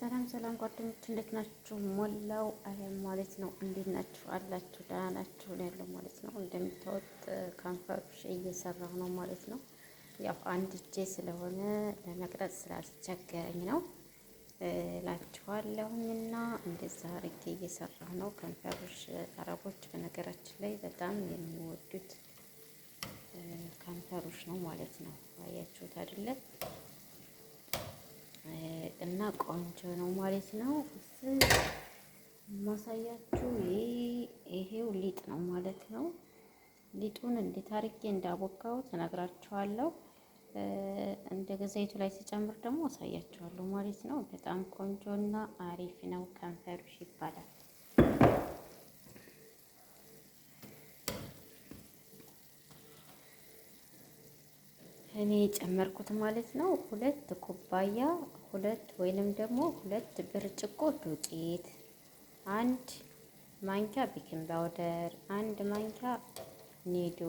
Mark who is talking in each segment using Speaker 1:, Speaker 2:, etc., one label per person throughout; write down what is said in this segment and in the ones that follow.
Speaker 1: ሰላም ሰላም ጓደኞች እንዴት ናችሁ? ሞላው አለም ማለት ነው። እንዴት ናችሁ አላችሁ? ደህና ናችሁ ነው ያለው ማለት ነው። እንደምታወጥ ከንፈሮች እየሰራሁ ነው ማለት ነው። ያው አንድ እጄ ስለሆነ ለመቅረጽ ስላስቸገረኝ ነው እላችኋለሁኝና እንደዛ አድርጌ እየሰራሁ ነው። ከንፈሮች አረቦች በነገራችን ላይ በጣም የሚወዱት ከንፈሮች ነው ማለት ነው። አያችሁት አይደለም? እና ቆንጆ ነው ማለት ነው። ማሳያችሁ ይሄው ሊጥ ነው ማለት ነው። ሊጡን እንዴት አድርጌ እንዳቦካው ተነግራችኋለሁ። እንደ ዘይቱ ላይ ሲጨምር ደግሞ አሳያችኋለሁ ማለት ነው። በጣም ቆንጆ እና አሪፍ ነው። ከንፈሩሽ ይባላል። እኔ የጨመርኩት ማለት ነው ሁለት ኩባያ ሁለት ወይንም ደግሞ ሁለት ብርጭቆ ዱቄት፣ አንድ ማንኪያ ቤኪንግ ፓውደር፣ አንድ ማንኪያ ኒዶ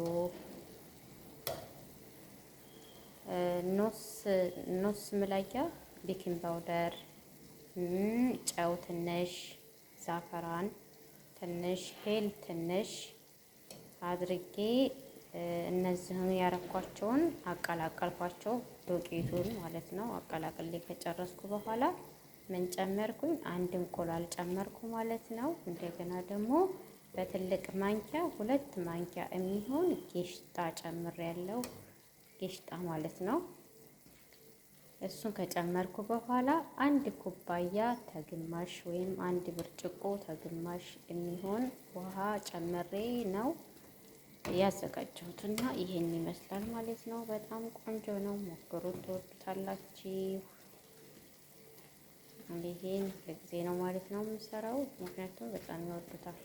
Speaker 1: ኖስ ምላያ ቤኪንግ ፓውደር፣ ጨው ትንሽ፣ ዛፈራን ትንሽ፣ ሄል ትንሽ አድርጌ እነዚህን ያረኳቸውን አቀላቀልኳቸው፣ ዶቄቱን ማለት ነው። አቀላቅሌ ከጨረስኩ በኋላ ምን ጨመርኩኝ? አንድ እንቁላል ጨመርኩ ማለት ነው። እንደገና ደግሞ በትልቅ ማንኪያ ሁለት ማንኪያ የሚሆን ጌሽጣ ጨምር ያለው ጌሽጣ ማለት ነው። እሱን ከጨመርኩ በኋላ አንድ ኩባያ ተግማሽ ወይም አንድ ብርጭቆ ተግማሽ የሚሆን ውሃ ጨምሬ ነው ያዘጋጀሁት እና ይሄን ይመስላል ማለት ነው። በጣም ቆንጆ ነው። ሞክሩት፣ ትወዱታላችሁ። ይሄን ለጊዜ ነው ማለት ነው የምሰራው፣ ምክንያቱም በጣም ይወዱታል።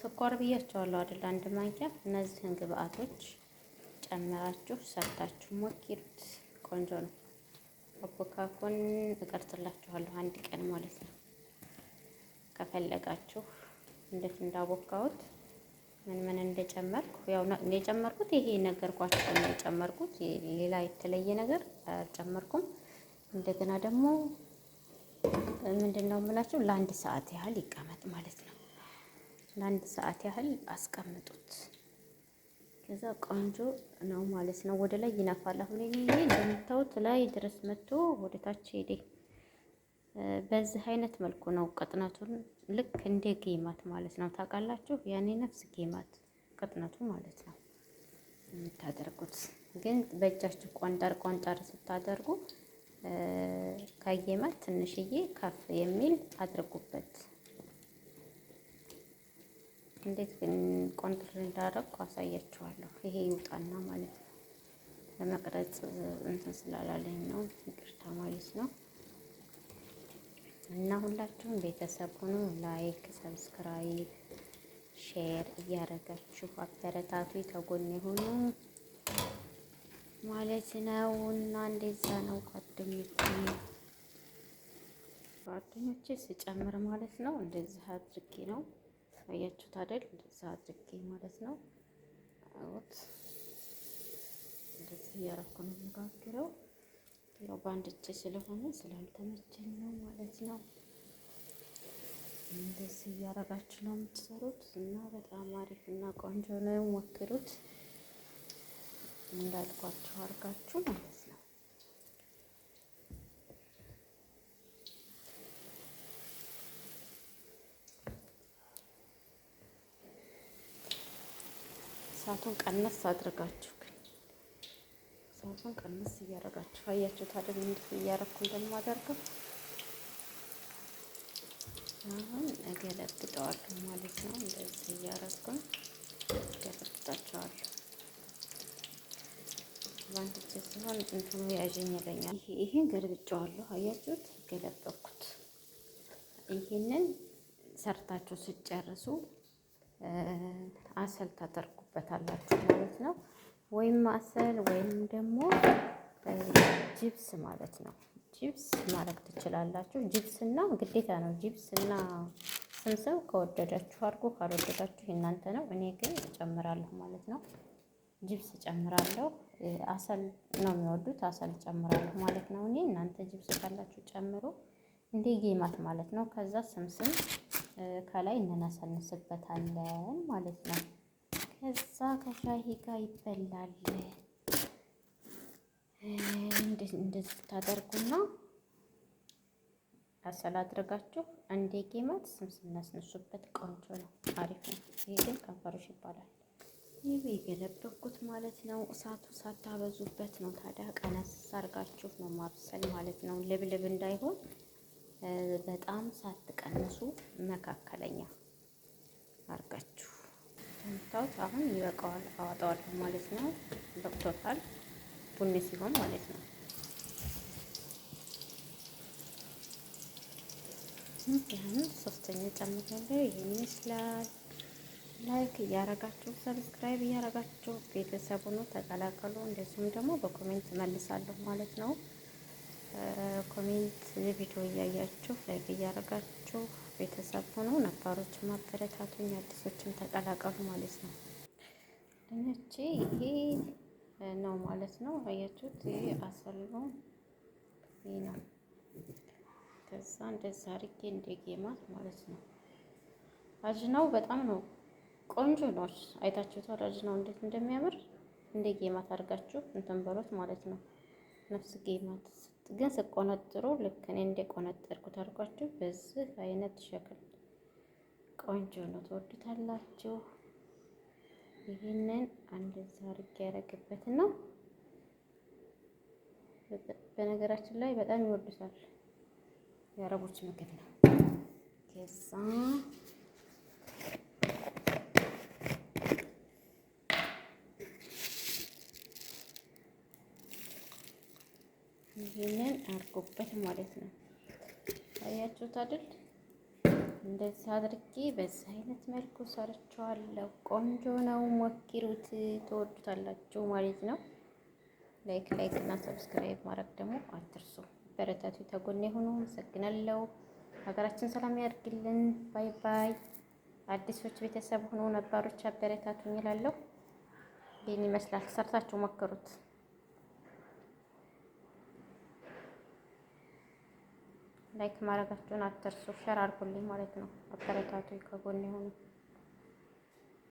Speaker 1: ስኳር ብያቸዋለሁ አይደል? አንድ ማንኪያ። እነዚህን ግብአቶች ጨምራችሁ ሰርታችሁ ሞክሩት። ቆንጆ ነው። አቦካኮን እቀርጽላችኋለሁ አንድ ቀን ማለት ነው። ከፈለጋችሁ እንዴት እንዳቦካሁት ምን ምን እንደጨመርኩ ያው የጨመርኩት ይሄ ነገርኳችሁ ነው የጨመርኩት። ሌላ የተለየ ነገር አልጨመርኩም። እንደገና ደግሞ ምንድነው የምላችሁ ለአንድ ሰዓት ያህል ይቀመጥ ማለት ነው። ለአንድ ሰዓት ያህል አስቀምጡት። ከዛ ቆንጆ ነው ማለት ነው። ወደ ላይ ይነፋል። አሁን ይሄ እንደምታዩት ላይ ድረስ መጥቶ ወደ ታች ሄደ። በዚህ አይነት መልኩ ነው ቅጥነቱን ልክ እንደ ጌማት ማለት ነው። ታውቃላችሁ ያኔ ነፍስ ጌማት ቅጥነቱ ማለት ነው የምታደርጉት። ግን በእጃችሁ ቆንጠር ቆንጠር ስታደርጉ ከጌማት ትንሽዬ ከፍ የሚል አድርጉበት። እንዴት ግን ቆንጥር እንዳደረግኩ አሳያችኋለሁ። ይሄ ይውጣና ማለት ነው። ለመቅረጽ እንትን ስላላለኝ ነው ይቅርታ ማለት ነው። እና ሁላችሁም ቤተሰብ ሁኑ። ላይክ፣ ሰብስክራይብ፣ ሼር እያደረጋችሁ አበረታቱ ተጎን የሆኑ ማለት ነው። እና እንደዛ ነው ጓደኞቼ ጓደኞቼ ስጨምር ማለት ነው። እንደዚህ አድርጌ ነው አያችሁት አይደል? እንደዛ አድርጌ ማለት ነው። አውት እንደዚህ እያደረኩ ነው የምጋግረው። ያው በአንድ እጅ ስለሆነ ስላልተመቸኝ ነው ማለት ነው። እንደዚህ እያደረጋችሁ ነው የምትሰሩት እና በጣም አሪፍ እና ቆንጆ ነው። ሞክሩት እንዳልኳችሁ አድርጋችሁ ማለት ነው። እሳቱን ቀነስ አድርጋችሁ ሞቷን ቀንስ እያደረጋችሁ አያችሁት አይደል? እንዲህ እያደረኩ እንደማደርገው አሁን እገለብጠዋለሁ ማለት ነው። እንደዚህ እያደረኩ እገለብጣቸዋለሁ። ባንድ ሲሆን እንትኑ ያዥኝ ይለኛል። ይሄን ገልብጨዋለሁ። አያችሁት? ገለበኩት። ይሄንን ሰርታችሁ ስጨርሱ አሰል ታደርጉበታላችሁ ማለት ነው። ወይም ማሰል ወይም ደግሞ ጅብስ ማለት ነው። ጅብስ ማድረግ ትችላላችሁ። ጅብስ እና ግዴታ ነው። ጅብስ እና ስምስም ከወደዳችሁ አድርጎ ካልወደዳችሁ እናንተ ነው። እኔ ግን እጨምራለሁ ማለት ነው። ጅብስ እጨምራለሁ። አሰል ነው የሚወዱት፣ አሰል እጨምራለሁ ማለት ነው። እኔ እናንተ ጅብስ ካላችሁ ጨምሮ እንደ ጌማት ማለት ነው። ከዛ ስምስም ከላይ እንነሰንስበታለን ማለት ነው። ከዛ ከሻሂ ጋር ይበላል። እንደዚህ ታደርጉና አሰላ አድርጋችሁ አንዴ ጌማት ስም ስናስነሱበት ቆንጆ ነው፣ አሪፍ ነው። ይሄ ግን ከንፈሮሽ ይባላል። ይህ የገለበኩት ማለት ነው። እሳቱ ሳታበዙበት ነው። ታዲያ ቀነስ አድርጋችሁ ነው ማብሰል ማለት ነው። ልብልብ እንዳይሆን በጣም ሳትቀንሱ መካከለኛ አድርጋችሁ እንደምታዩት አሁን ይበቃዋል፣ አወጣዋለሁ ማለት ነው። በቅቶታል፣ ቡኒ ሲሆን ማለት ነው። ይህን ሶስተኛ ጨምሬያለሁ። ይህን ይመስላል። ላይክ እያረጋችሁ ሰብስክራይብ እያረጋችሁ ቤተሰቡን ተቀላቀሉ። እንደዚሁም ደግሞ በኮሜንት መልሳለሁ ማለት ነው። ኮሜንት ቪዲዮ እያያችሁ ላይክ እያረጋችሁ ቤተሰብ ሆነው ነባሮችን ማበረታቱኝ አዲሶችም ተቀላቀሉ ማለት ነው። እነቺ ይሄ ነው ማለት ነው። አያችሁት? ይሄ አሰልሎ ይሄ ነው። ከዛ እንደዛ አድርጌ እንደጌማት ማለት ነው። አጅናው በጣም ነው ቆንጆ ነው። አይታችሁታል? አጅናው እንዴት እንደሚያምር እንደጌማት አድርጋችሁ እንትን በሎት ማለት ነው። ነፍስ ጌማት ግን ስቆነጥሩ ልክ እኔ እንደቆነጠርኩት አድርጓችሁ በዚህ አይነት ሸክል ቆንጆ ነው፣ ትወዱታላችሁ። ይህንን አንድ አድርጌ ያደረግበት ነው። በነገራችን ላይ በጣም ይወዱታል የአረቦች ምግብ ነው። ከዛ ይህንን አድርጎበት ማለት ነው። አያችሁት አይደል? እንደዚህ አድርጌ በዚህ አይነት መልኩ ሰርቸዋለሁ። ቆንጆ ነው፣ ሞክሩት፣ ትወዱታላችሁ ማለት ነው። ላይክ ላይክ እና ሰብስክራይብ ማድረግ ደግሞ አትርሱ። በረታቱ፣ የተጎነ ሆኖ አመሰግናለሁ። ሀገራችን ሰላም ያድርግልን። ባይ ባይ። አዲሶች ቤተሰብ ሆኖ ነባሮች አበረታቱኝ እላለሁ። ይህን ይመስላል። ሰርታችሁ ሞክሩት። ላይክ ማድረጋችሁን አትርሱ። ሸር አድርጉልኝ ማለት ነው። አበረታቱ ከጎን የሆኑ